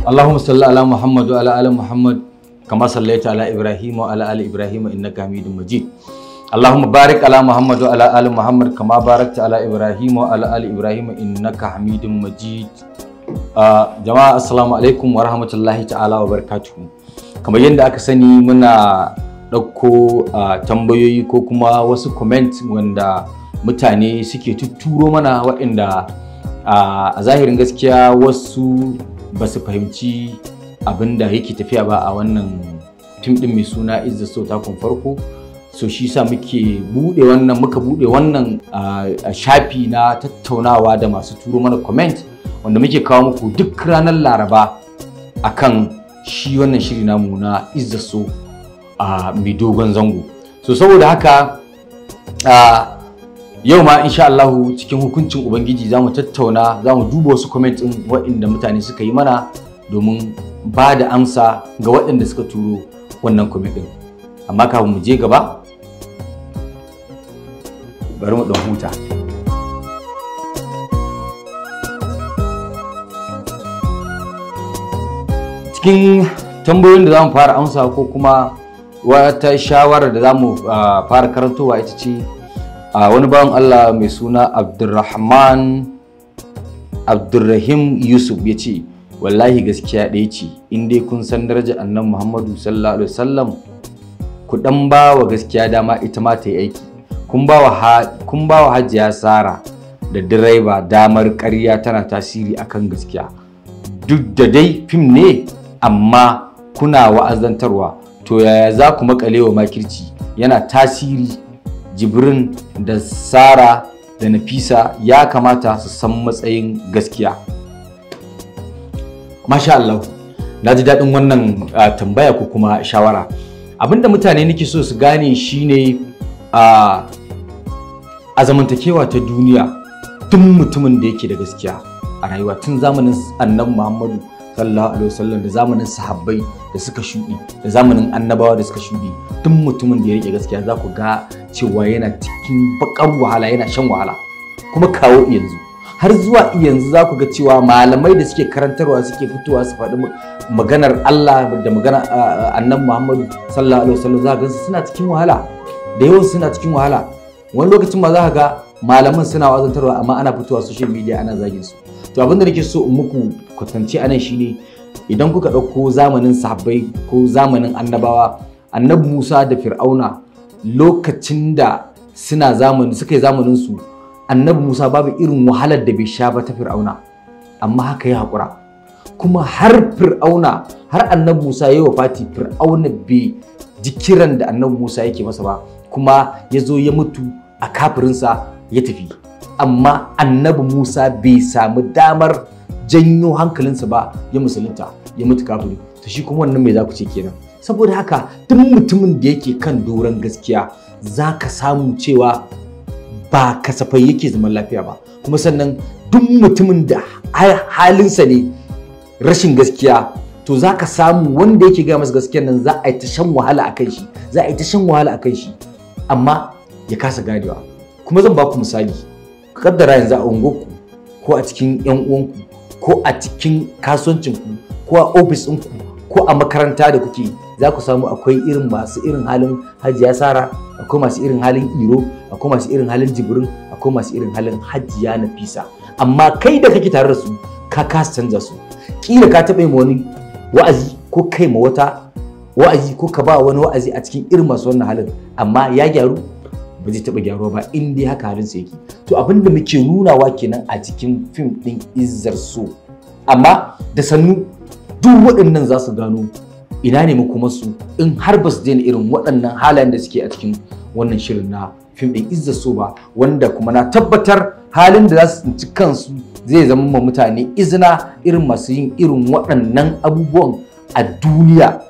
اللهم صل على محمد وعلى آل محمد كما صليت على إبراهيم وعلى آل إبراهيم إنك حميد مجيد اللهم بارك على محمد وعلى آل محمد كما باركت على إبراهيم وعلى آل إبراهيم إنك حميد مجيد Uh, السلام عليكم alaikum الله تعالى وبركاته كما barakatuhu kamar yadda aka sani muna ɗauko tambayoyi ko kuma wasu comment wanda mutane suke tutturo mana waɗanda uh, a zahirin gaskiya wasu ba su fahimci abin da yake tafiya ba a wannan tim din mai suna the so takon farko so shi sa muke bude wannan muka bude wannan shafi na tattaunawa da masu turo mana comment wanda muke kawo muku duk ranar laraba akan shi wannan shiri namu na the so mai dogon zango so saboda haka yau ma insha Allah cikin hukuncin ubangiji zamu tattauna zamu duba wasu comment ɗin waɗanda mutane suka yi mana domin ba da amsa ga waɗanda suka turo wannan comment ɗin amma kafin mu je gaba bari mu ɗan huta cikin tambayoyin da zamu fara amsa ko kuma wata shawarar da za mu ah, fara karantowa ita ce a wani bawan Allah mai suna Abdulrahman Abdulrahim Yusuf ya ce wallahi gaskiya ɗaya ce in dai kun san daraja annan Muhammadu sallallahu alaihi wasallam ku dan ba wa gaskiya dama ita ma ta yi aiki kun ba wa Hajiya Sara da direba damar ƙarya tana tasiri akan gaskiya duk da dai fim ne amma kuna wa'azantarwa to yaya za ku maƙale wa makirci yana tasiri jibrin da sara da nafisa ya kamata su san matsayin gaskiya masha Allah na ji daɗin wannan ah, tambaya ko kuma shawara abinda mutane nake so su gane shine a ah, a zamantakewa ta duniya tun mutumin da yake da gaskiya a rayuwa tun zamanin annan muhammadu sallallahu alaihi wasallam da zamanin sahabbai da suka shuɗi da zamanin annabawa da suka shuɗi duk mutumin da ya rike gaskiya za ku ga cewa yana cikin bakar wahala yana shan wahala kuma kawo yanzu har zuwa yanzu za ku ga cewa malamai da suke karantarwa suke fitowa su faɗi maganar Allah da maganar annan Muhammadu sallallahu alaihi wasallam za ka suna cikin wahala da yawan suna cikin wahala wani lokacin ma za ka ga malaman suna wazantarwa amma ana fitowa social media ana zagin su to abin da nake so in muku kwatance anan shine idan kuka ɗauko zamanin sahabbai ko zamanin annabawa annabi Musa da Fir'auna lokacin da suna zamani suka yi zamanin su annabi Musa babu irin wahalar da bai sha ba ta Fir'auna amma haka ya haƙura kuma har Fir'auna har annabi Musa ya yi wa fati Fir'auna bai ji kiran da annabi Musa yake masa ba kuma ya zo ya mutu a kafirinsa ya tafi amma annabi Musa bai samu damar janyo hankalinsa ba ya musulunta ya mutu kafiri to shi kuma wannan mai za ku ce kenan saboda haka duk mutumin da yake kan doron gaskiya za ka samu cewa ba kasafai yake zaman lafiya ba kuma sannan duk mutumin da halinsa ne rashin gaskiya to za ka samu wanda yake gaya masa gaskiya nan za a yi ta shan wahala a kan shi za a yi ta shan wahala a kan shi amma ya kasa ganewa kuma zan ba ku misali kaddara yanzu a unguwarku ko a cikin yan uwanku ko a cikin kasuwancinku ko a ofis ɗinku ko a makaranta da kuke za ku samu akwai irin masu irin halin hajiya sara akwai masu irin halin iro akwai masu irin halin jibrin akwai masu irin halin hajiya nafisa amma kai da kake tare da su ka kasa canza su kila ka taɓa yin wani wa'azi ko kai ma wata wa'azi ko ka ba wani wa'azi a cikin irin masu wannan halin amma ya gyaru ba zai taɓa gyaruwa ba in dai haka halin sa yake to abin da muke nunawa kenan a cikin fim ɗin izzar so amma da sannu duk waɗannan za su gano ina ne kuma su in har ba su daina irin waɗannan halayen da suke a cikin wannan shirin na fim ɗin izza so ba wanda kuma na tabbatar halin da za su tsinci kansu zai zama ma mutane izina irin masu yin irin waɗannan abubuwan a duniya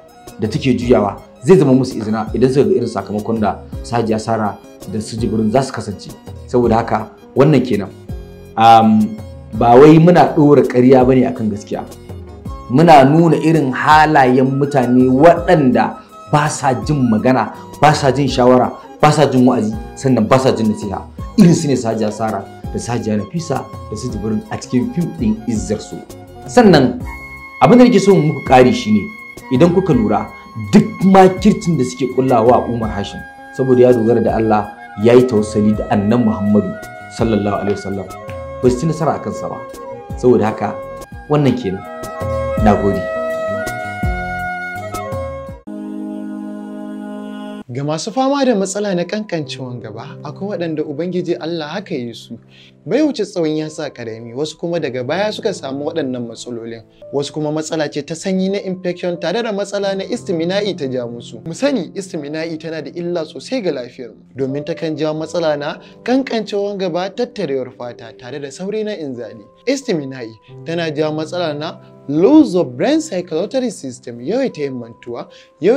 da take juyawa zai zama musu izina idan suka ga irin sakamakon da sajiya sara da su jibirin za su kasance saboda haka wannan kenan ba wai muna ɗora ƙarya ne akan gaskiya muna nuna irin halayen mutane waɗanda ba sa jin magana ba sa jin shawara ba sa jin wa'azi sannan ba sa jin nasiha irin su ne sajiya sara da sajiya nafisa da su jibirin a cikin fim ɗin izzarsu su sannan abin da nake so muku ƙari shine idan kuka lura duk makircin da suke kullawa umar hashim saboda ya dogara da allah ya yi tausali da annan muhammadu sallallahu alaihi wasallam ba su ci nasara a kansa ba saboda haka wannan kenan na gode ga masu fama da matsala na kankancewan gaba akwai waɗanda ubangiji allah haka yi su bai wuce tsawon ya sa karami wasu kuma daga baya suka samu waɗannan matsalolin wasu kuma matsala ce ta sanyi na infection tare da matsala na istimina'i ta ja musu mu sani istimina'i tana da illa sosai ga lafiyar mu domin ta kan jawo matsala na kankancewan gaba tattarewar fata tare da sauri na inzali istimina'i tana jawo matsala na loss of brain circulatory system ita yin mantuwa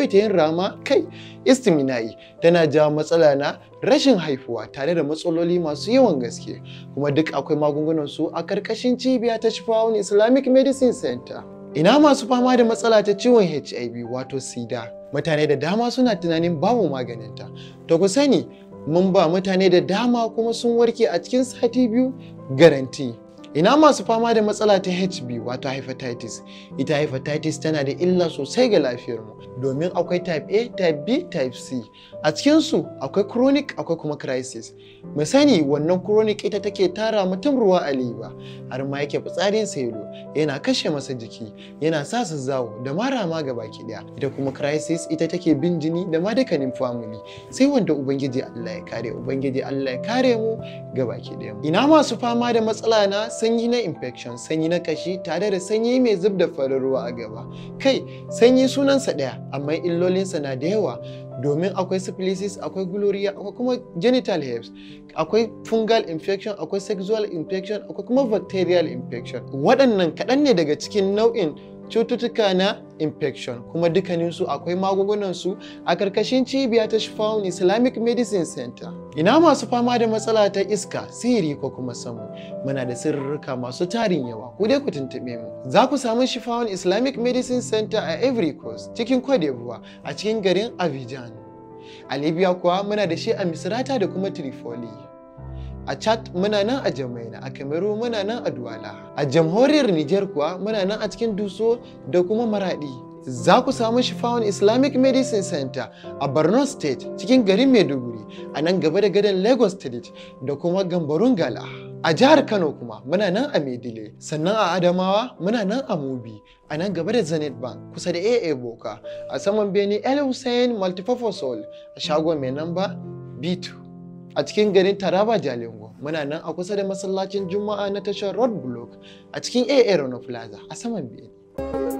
ita yin rama kai istiminai tana jawo matsala na rashin haifuwa tare da matsaloli masu yawan gaske kuma duk akwai magungunan su a karkashin cibiya ta Shifawun Islamic Medicine Center ina masu fama da matsala ta ciwon HIV wato sida mutane da dama suna tunanin babu maganinta to ku sani mun ba mutane da dama kuma sun warke a cikin sati biyu garanti ina masu fama da matsala ta hb wato hepatitis ita hepatitis tana da illa sosai ga lafiyarmu domin akwai type a type b type c a cikin su akwai chronic akwai kuma crisis mu sani wannan chronic ita take tara mutum ruwa a liba har ma yake fitsarin selo yana kashe masa jiki yana sa su zawo da mara ma gaba ki daya ita kuma crisis ita take bin jini da ma dukkanin family sai wanda ubangiji Allah ya kare ubangiji Allah ya kare mu gaba ki daya ina masu fama da matsala na sanyi na infection sanyi na kashi tare da sanyi mai zub da farin ruwa a gaba kai sanyi sunansa ɗaya amma illolinsa na da yawa domin akwai syphilis akwai gloria akwai kuma genital herpes akwai fungal infection akwai sexual infection akwai kuma bacterial infection waɗannan kaɗan ne daga cikin nau'in cututtuka na infection kuma dukkaninsu akwai magungunan su a karkashin cibiya ta Shifawan Islamic Medicine Center. Ina masu fama da matsala ta iska, sihiri ko kuma samu. Muna da sirrika masu tarin yawa, ku dai ku tuntuɓe mu. Za ku samu Shifawan Islamic Medicine Center a Every Coast cikin Cote a cikin garin Abidjan. A Libya kuwa muna da shi a Misrata da kuma Tripoli. a chad muna nan a jamaina a cameroon muna nan a duwala a jamhuriyar niger kuwa muna nan a cikin duso da kuma maradi za ku samu shifawun islamic medicine center a borno state cikin garin maiduguri a nan gaba da gadon lagos state da kuma gambarun gala a jihar kano kuma muna nan a maidile sannan a adamawa muna nan a mubi a nan gaba da zenith bank kusa da aa boka a saman beni el hussein a shagon mai namba b2 a cikin garin Taraba Jalingo muna nan a kusa da masallacin Juma'a na tashar Road Block a cikin AA Plaza a saman biyu.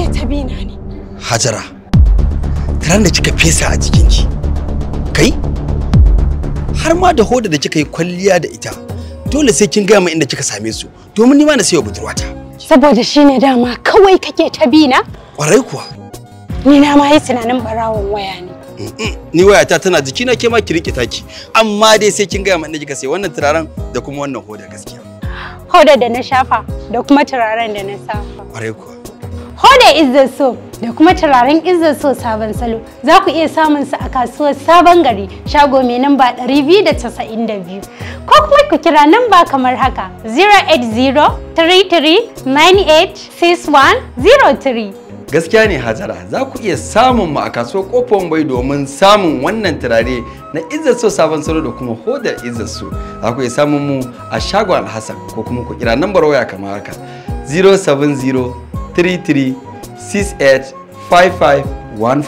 kike ta bina ne? Hajara, tiran da kika fesa a jikinki, kai? Har ma da hoda da kika yi kwalliya da ita, dole sai kin gaya min inda kika same su, domin ni ma na sayo budurwata. Saboda shine dama kawai kake ta bina? Kwarai kuwa. Ni na ma yi tunanin barawon waya ne. Ni wayata tana jikina ke ma ki rike taki, amma dai sai kin gaya min inda kika sayi wannan turaren da kuma wannan hoda gaskiya. Hoda da na shafa da kuma turaren da na safa. Kwarai kuwa. hoda izzar so da kuma turaren izzar so sabon salo za ku iya samun su a kasuwar sabon gari shago mai namba 292 ko kuma ku kira namba kamar haka 08033986103 gaskiya ne hajara za ku iya samun mu a kasuwar kofar bai domin samun wannan turare na izzar so sabon salo da kuma hodar izzar so za ku iya samun mu a shagon alhassan ko kuma ku kira nambar waya kamar haka 070 33685514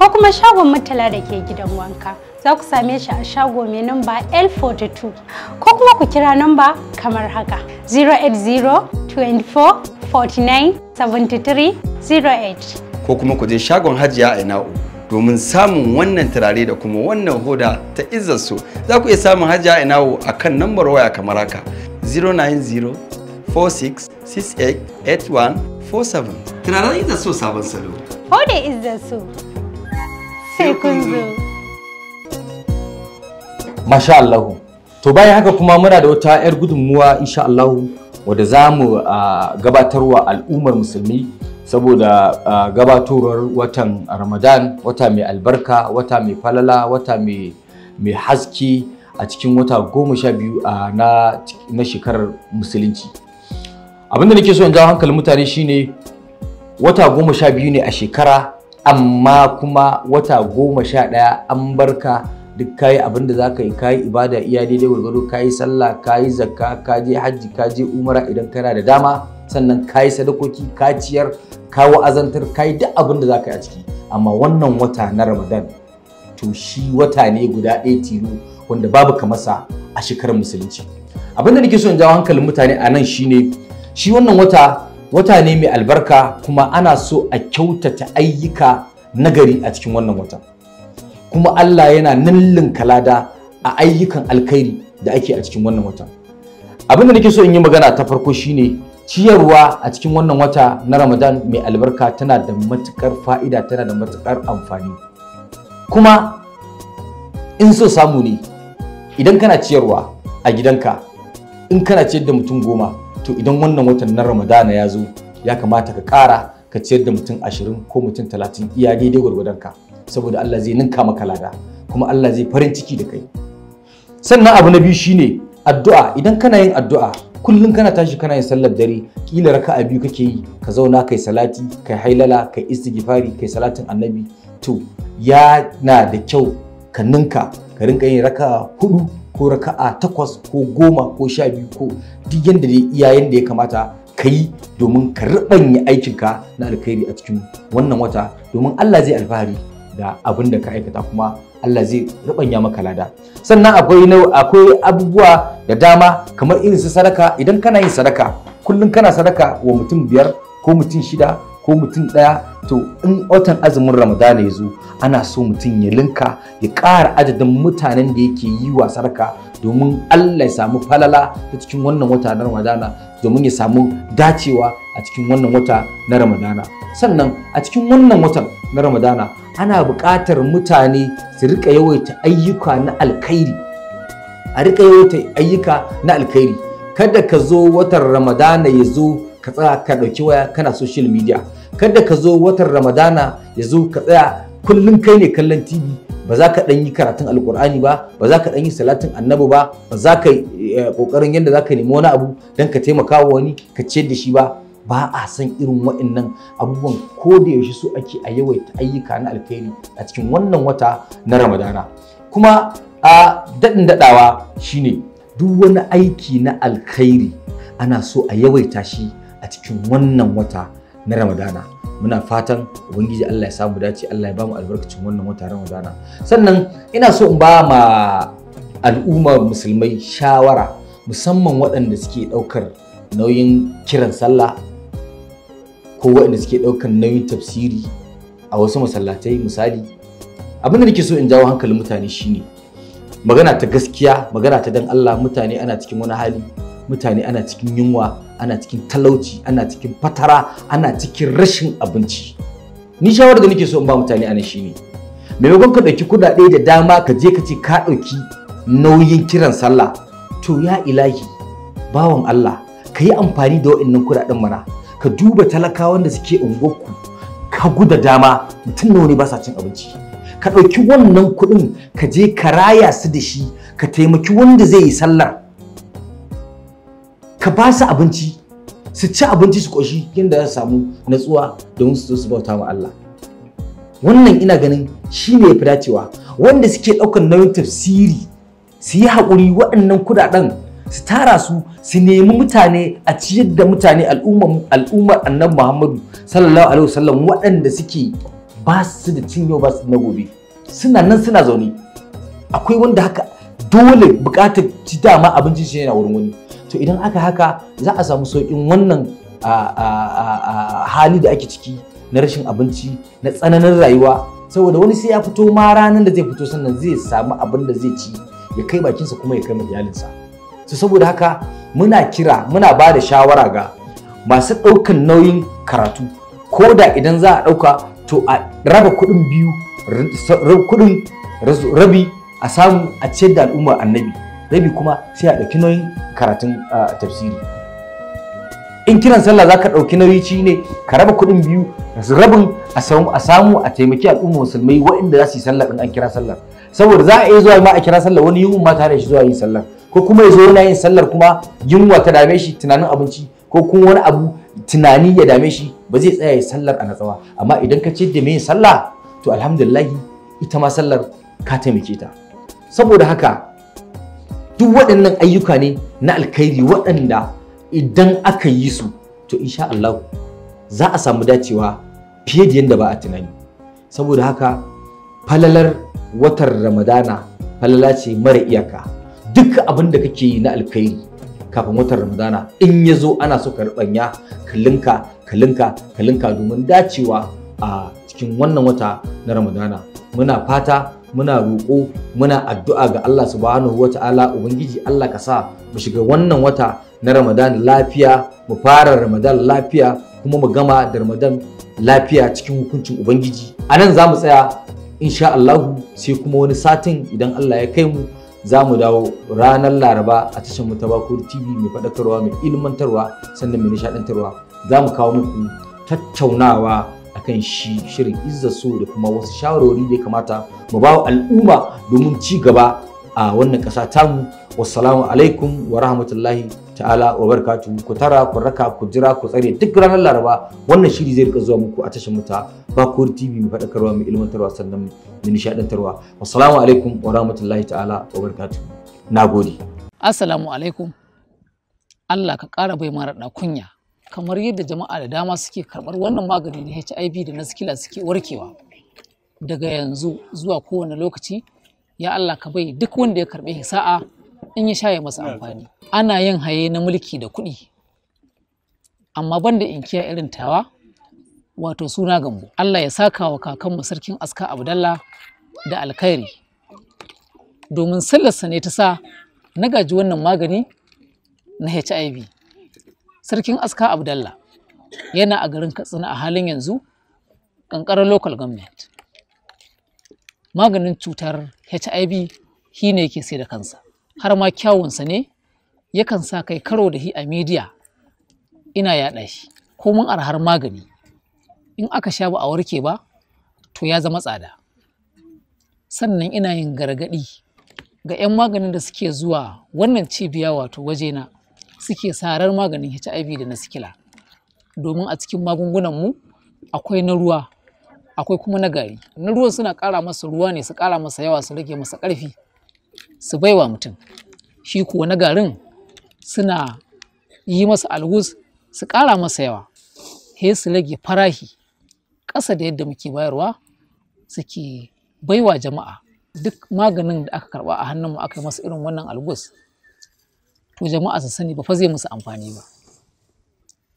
ko kuma shagon murtala da ke gidan wanka za ku same shi a shago mai namba L42 ko kuma ku kira namba kamar haka 080 24 ko kuma ku je shagon hajiya a ina'u domin samun wannan turare da kuma wannan hoda ta izarsu za ku iya samun hajiya ina'u a kan nambar waya kamar haka 090 46 6881 47 da so sabon salo so sai kun zo masha to bayan haka kuma muna da wata yar gudunmuwa insha Allah wadda za mu gabatarwa al'ummar musulmi saboda gabatowar watan ramadan wata mai albarka wata mai falala wata mai haske a cikin wata goma sha biyu na shekarar musulunci abinda da nake so in jawo hankalin mutane shine wata goma sha biyu ne a shekara amma kuma wata goma sha ɗaya an barka duk kayi abin da zaka yi kayi ibada iya daidai gwargwado kayi sallah kayi zakka ka je hajji ka je umara idan kana da dama sannan kayi sadakoki ka ciyar ka wa'azantar kayi duk abin da zaka yi a ciki amma wannan wata na ramadan to shi wata ne guda ɗaya tilo wanda babu kamasa a shekarar musulunci abin da nake so in jawo hankalin mutane a nan shine shi wannan wata wata ne mai albarka kuma ana so a kyautata ayyuka nagari a cikin wannan wata kuma Allah yana nillin kalada a ayyukan alkhairi da ake a cikin wannan wata abin da nake so in yi magana ta farko shine ciyarwa a cikin wannan wata na Ramadan mai albarka tana da matukar fa'ida tana da matukar amfani kuma in so samu ne idan kana ciyarwa a gidanka in kana ciyar da mutum goma to idan wannan watan na ramadana ya zo ya kamata ka kara ka ciyar da mutum ashirin ko mutum talatin iya daidai gwargwadon ka saboda Allah zai ninka maka lada kuma Allah zai farin ciki da kai sannan abu na biyu shine addu'a idan kana yin addu'a kullum kana tashi kana yin sallar dare kila raka'a biyu kake yi ka zauna kai salati kai hailala kai istighfari kai salatin annabi to na da kyau ka ninka ka rinka yin raka hudu ko raka'a takwas ko goma ko sha biyu ko duk yadda dai iyayen da ya kamata ka yi domin ka riɓanya aikinka na alkhairi a cikin wannan wata domin Allah zai alfahari da abin da ka aikata kuma Allah zai riɓanya maka lada sannan akwai akwai abubuwa da dama kamar irin su sadaka idan kana yin sadaka kullum kana sadaka wa mutum biyar ko mutum shida ko mutum ɗaya to in watan azumin ramadana ya zo ana so mutum ya linka ya ƙara adadin mutanen da yake yi wa sarka domin allah ya samu falala ta cikin wannan wata na ramadana domin ya samu dacewa a cikin wannan wata na ramadana sannan a cikin wannan watan na ramadana ana buƙatar mutane su riƙa yawaita ayyuka na alkhairi a riƙa yawaita ayyuka na alkhairi kada ka zo watan ramadana ya zo ka tsaya ka ɗauki waya kana social media kada ka zo watan ramadana ya zo ka tsaya kullum kai ne kallon tv ba za ka ɗanyi karatun alkur'ani ba ba za ka ɗan yi salatin annabi ba ba za ka eh, ƙoƙarin yadda za ka nemi wani abu don ka taimaka wa wani ka ciyar da shi ba ba a san irin waɗannan abubuwan ko da yaushe su ake a yawaita ayyuka na alkhairi a cikin wannan wata na ramadana kuma a daɗin daɗawa shine duk wani aiki na alkhairi ana so a yawaita shi a cikin wannan wata na ramadana muna fatan ubangiji allah ya samu dace allah ya bamu albarkacin wannan wata ramadana sannan ina so in ba ma al'ummar musulmai shawara musamman waɗanda suke ɗaukar nauyin kiran sallah ko waɗanda suke ɗaukar nauyin tafsiri a wasu masallatai misali abin da nake so in jawo hankalin mutane shine magana ta gaskiya magana ta dan allah mutane ana cikin wani hali mutane ana cikin yunwa ana cikin talauci ana cikin fatara ana cikin rashin abinci ni shawarar da nake so in ba mutane shi shine maimakon ka ɗauki kuɗaɗe da dama ka je ka ce ka ɗauki nauyin kiran sallah to ya ilahi bawan Allah ka yi amfani da waɗannan kuɗaɗen mana ka duba talakawan da suke unguwarku ka guda dama mutum nawa ne ba sa cin abinci ka ɗauki wannan kuɗin ka je ka raya su da shi ka taimaki wanda zai yi sallar ka ba su abinci su ci abinci su ƙoshi yadda za su samu natsuwa domin su zo su bauta wa Allah wannan ina ganin shi ne fi dacewa wanda suke ɗaukar nauyin tafsiri su yi haƙuri waɗannan kuɗaɗen su tara su su nemi mutane a ciyar da mutane al'ummar annabi muhammadu sallallahu alaihi wasallam waɗanda suke ba su da cin yau ba su na gobe suna nan suna zaune akwai wanda haka dole buƙatar ci dama abincin shi yana wurin wani to idan aka haka za a samu sauƙin wannan hali da ake ciki na rashin abinci na tsananin rayuwa saboda wani sai ya fito ma ranar da zai fito sannan zai samu abin da zai ci ya kai bakinsa kuma ya kai ma iyalinsa to saboda haka muna kira muna ba da shawara ga masu ɗaukan nauyin karatu ko da idan za a ɗauka to a raba kuɗin biyu kuɗin rabi a samu a ciyar da al'ummar annabi rabi kuma sai a ɗauki nauyin karatun tafsiri in kiran sallah za ka ɗauki nauyi ci ne ka raba kuɗin biyu rabin a samu a taimaki al'umma musulmai waɗanda za su yi sallah ɗin an kira sallar saboda za a iya zuwa ma a kira sallar wani yunwa ma tare shi zuwa yin sallar ko kuma ya zo yana yin sallar kuma yunwa ta dame shi tunanin abinci ko kuma wani abu tunani ya dame shi ba zai tsaya ya sallar a natsawa amma idan ka ce da me sallah to alhamdulillahi ita ma sallar ka taimake ta saboda haka duk waɗannan ayyuka ne na alkhairi waɗanda idan aka yi su to insha Allah za a samu dacewa fiye da yadda ba a tunani saboda haka falalar watan ramadana falala ce mara iyaka duk abin da kake yi na alkhairi kafin watan ramadana in ya zo ana so ka rubanya kalinka kalinka kalinka domin dacewa a cikin wannan wata na ramadana muna fata muna roƙo muna addu'a ga Allah subhanahu Ta'ala, ubangiji Allah ka sa mu shiga wannan wata na Ramadan lafiya mu fara Ramadan lafiya kuma mu gama da Ramadan lafiya cikin hukuncin ubangiji a nan za mu tsaya insha Allah sai kuma wani satin idan Allah ya kai mu za mu dawo ranar laraba a tashar mu ta tv mai faɗakarwa mai ilmantarwa sannan mai nishaɗantarwa za mu kawo muku tattaunawa akan shi shirin izzasu da kuma wasu shawarwari da ya kamata mu ba al'umma domin ci gaba a wannan ƙasa tamu wassalamu alaikum wa rahmatullahi ta'ala wa barakatuhu ku tara ku raka ku jira ku tsare duk ranar laraba wannan shiri zai rika zuwa muku a tashar mu ta bakor tv mu faɗakarwa mu ilmantarwa sannan mu nishaɗantarwa wassalamu alaikum wa rahmatullahi ta'ala wa barakatuhu nagode assalamu alaikum Allah ka ƙara bai mara kunya kamar yadda jama'a da dama suke karɓar wannan magani na HIV da na sikila suke warkewa daga yanzu zuwa kowane lokaci ya Allah ka bai duk wanda ya karɓe sa'a in ya shaye masa amfani ana yin haye na mulki da kuɗi amma banda in inkiya irin tawa wato suna gambo Allah ya saka wa kakanmu sarkin aska abdallah da alkhairi domin sallarsa ne ta sa na gaji wannan magani na HIV sarkin aska abdallah yana a garin katsina a halin yanzu ƙanƙarar local government maganin cutar hiv shi ne yake sai da kansa har ma kyawunsa ne yakan sa kai karo da hi a media ina yaɗa shi ko mun arhar magani in aka sha ba a warke ba to ya zama tsada sannan ina yin gargaɗi ga 'yan maganin da suke zuwa wannan cibiya wato waje na. suke sarar maganin HIV da na sikila domin a cikin magungunan mu akwai na ruwa akwai kuma na gari na ruwan suna ƙara masa ruwa ne su ƙara masa yawa su rage masa ƙarfi su baiwa mutum shi kuwa na garin suna yi masa algus su ƙara masa yawa he su rage farahi ƙasa da yadda muke bayarwa suke baiwa jama'a duk maganin da aka karɓa a hannunmu aka yi masa irin wannan algus to jama'a su sani ba fa zai musu amfani ba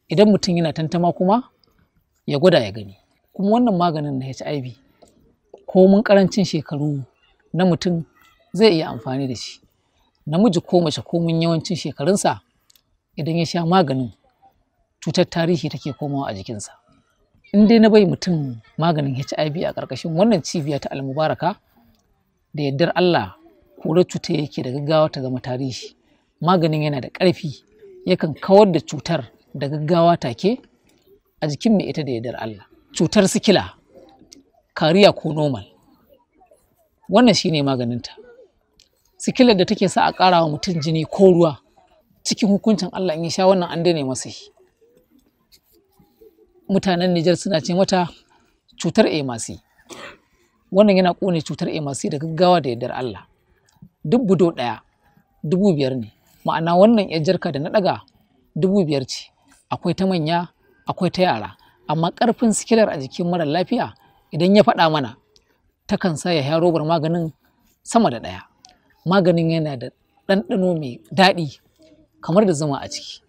idan mutum yana tantama kuma ya gwada ya gani kuma wannan maganin na HIV ko mun karancin shekaru na mutum zai iya amfani da shi namiji ko mace ko mun yawancin shekarunsa idan ya sha maganin cutar tarihi take komawa a jikinsa in dai na bai mutum maganin HIV a ƙarƙashin wannan cibiya ta almubaraka da yardar Allah kura cuta yake da gaggawa ta zama tarihi maganin yana da ƙarfi yakan kawar da cutar da gaggawa take a jikin mai ita da yadda Allah cutar sikila kariya ko normal wannan shi ne maganinta sikilar da take sa a ƙara wa mutum jini ko ruwa cikin hukuncin Allah in ya sha wannan an dane masa shi mutanen Nijar suna ce mata cutar emasi wannan yana ƙone cutar emasi da gaggawa da yadda Allah duk budo ɗaya dubu biyar ne ma'ana wannan yar jarka da na ɗaga dubu biyar ce akwai ta manya akwai ta yara amma ƙarfin sikilar a jikin mara lafiya idan ya faɗa mana takan sa ya robar maganin sama da ɗaya maganin yana da ɗanɗano mai daɗi kamar da zama a ciki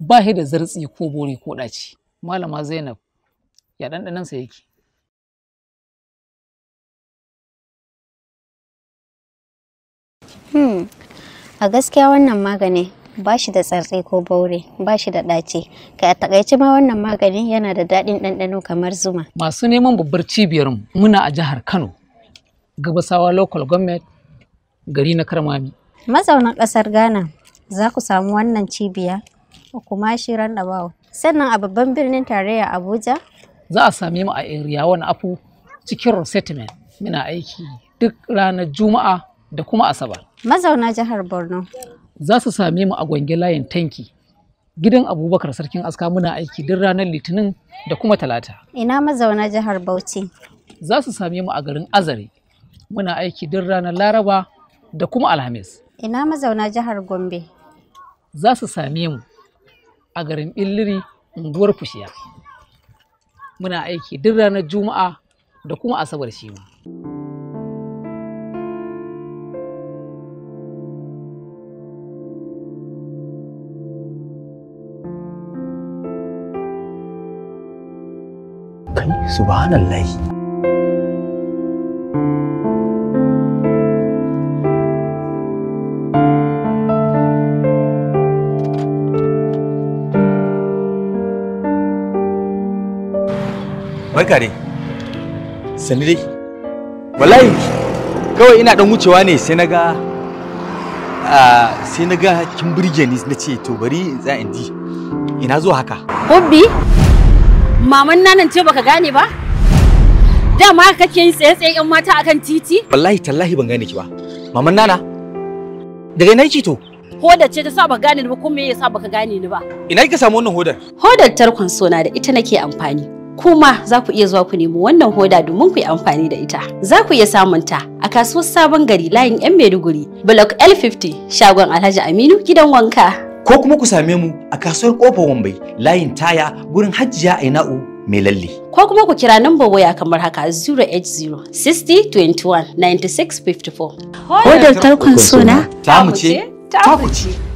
ba shi da zartsi ko bori ko ɗaci malama zainab ya ɗanɗanansa yake hmm. a gaskiya wannan magani ba shi da tsatse ko baure ba shi da ɗace kai a takaice ma wannan maganin yana da daɗin ɗanɗano kamar zuma masu neman babbar cibiyar muna a jihar kano gabasawa local government gari na karmami mazaunan ƙasar ghana za ku samu wannan cibiya kuma shi Bawo. sannan a babban birnin tarayya abuja za a same mu a area wani afu cikin resettlement muna aiki duk ranar juma'a da kuma asabar mazauna jihar borno za su same mu a gwange layin tanki gidan abubakar sarkin aska muna aiki duk ranar litinin da kuma talata ina mazauna jihar bauchi za su same mu a garin azare muna aiki duk ranar laraba da kuma alhamis ina mazauna jihar gombe za su same mu a garin billiri unguwar fushiya muna aiki duk ranar juma'a da kuma asabar shima. subhanallah barka dai sani dai wallahi kawai ina dan wucewa ne sai na ga sai na ga kin burge ni na ce to bari in za in ji ina zuwa haka hobby maman nanan ce baka gane ba dama kake yi tsaye-tsaye yan mata akan titi wallahi tallahi ban gane ki ba maman nana daga ina to hodar ce ta sa ba gane ni ba kuma me yasa baka gane ni ba ina kika samu wannan hodar hodar tarkon sona da ita nake amfani kuma za ku iya zuwa ku nemi wannan hoda domin ku yi amfani da ita za ku iya samun ta a kasuwar sabon gari layin yan maiduguri block l50 shagon alhaji aminu gidan wanka ko kuma ku same mu a kasuwar kofar wambai layin taya gurin hajjiya a Inau, mai lalle. Ko kuma ku kira nan waya kamar haka 0860 60 21 96 54. Hodar tarkon suna ta mu ce ta ku ce.